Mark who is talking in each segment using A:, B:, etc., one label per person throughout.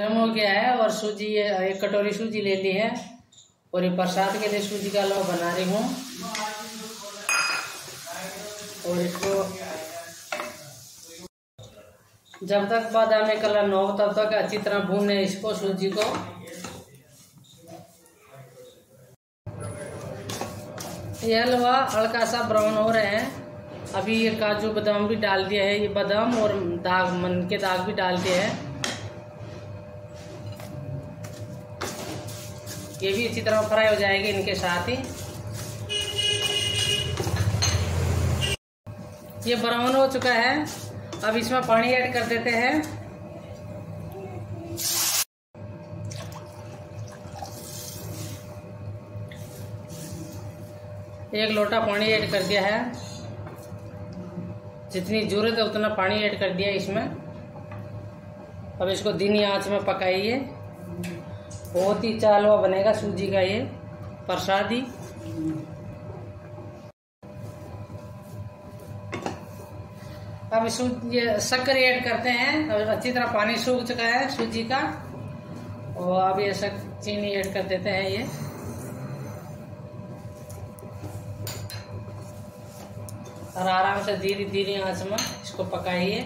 A: गर्म हो गया है और सूजी एक कटोरी सूजी ले ली है और ये प्रसाद के लिए सूजी का लोह बना रही हूँ और इसको जब तक बादाम कलर न हो तब तक अच्छी तरह भूने इसको सूजी को यह हलवा हल्का सा ब्राउन हो रहे हैं अभी ये काजू बादाम भी डाल दिया है ये बादाम और दाग मन के दाग भी डाल दिए हैं ये भी इसी तरह फ्राई हो जाएगी इनके साथ ही ये ब्राउन हो चुका है अब इसमें पानी ऐड कर देते हैं एक लोटा पानी ऐड कर दिया है जितनी जरूरत है उतना पानी ऐड कर दिया इसमें अब इसको धीमी आंच में पकाइए बहुत ही अच्छा हलवा बनेगा सूजी का ये प्रसादी अब ये शक्कर ऐड करते हैं अब अच्छी तरह पानी सूख चुका है सूजी का और अब ये शक चीनी ऐड कर देते हैं ये और आराम से धीरे धीरे आंच में इसको पकाइए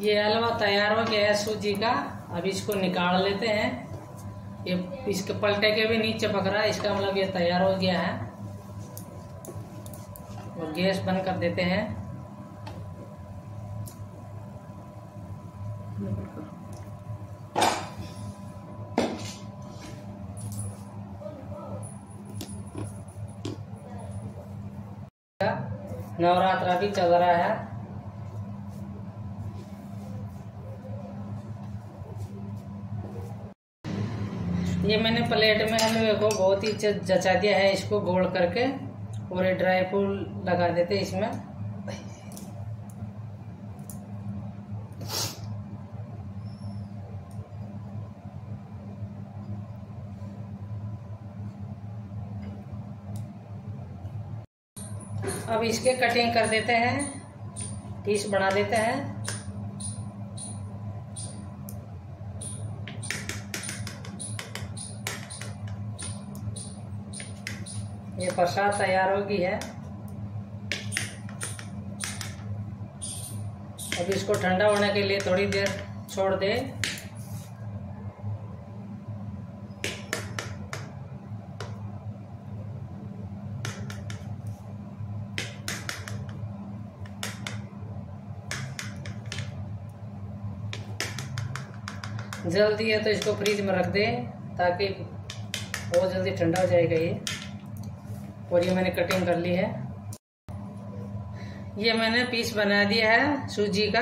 A: ये हलवा तैयार हो गया है सूजी का अब इसको निकाल लेते हैं ये इसके पलटे के भी नीचे पक रहा है इसका मतलब ये तैयार हो गया है और गैस बंद कर देते हैं नवरात्र भी चल रहा है ये मैंने प्लेट में हलवे को बहुत ही जचा दिया है इसको गोल करके पूरे ड्राई फ्रूट लगा देते इसमें अब इसके कटिंग कर देते हैं पीस बना देते हैं ये प्रसाद तैयार हो गई है अब इसको ठंडा होने के लिए थोड़ी देर छोड़ दे जल्दी है तो इसको फ्रिज में रख दे ताकि बहुत जल्दी ठंडा हो जाएगा ये और ये मैंने कटिंग कर ली है ये मैंने पीस बना दिया है सूजी का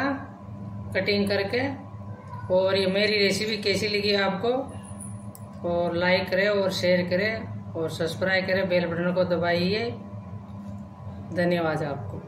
A: कटिंग करके और ये मेरी रेसिपी कैसी लगी आपको और लाइक करें और शेयर करें और सब्सक्राइब करें बेल बटन को दबाइए धन्यवाद आपको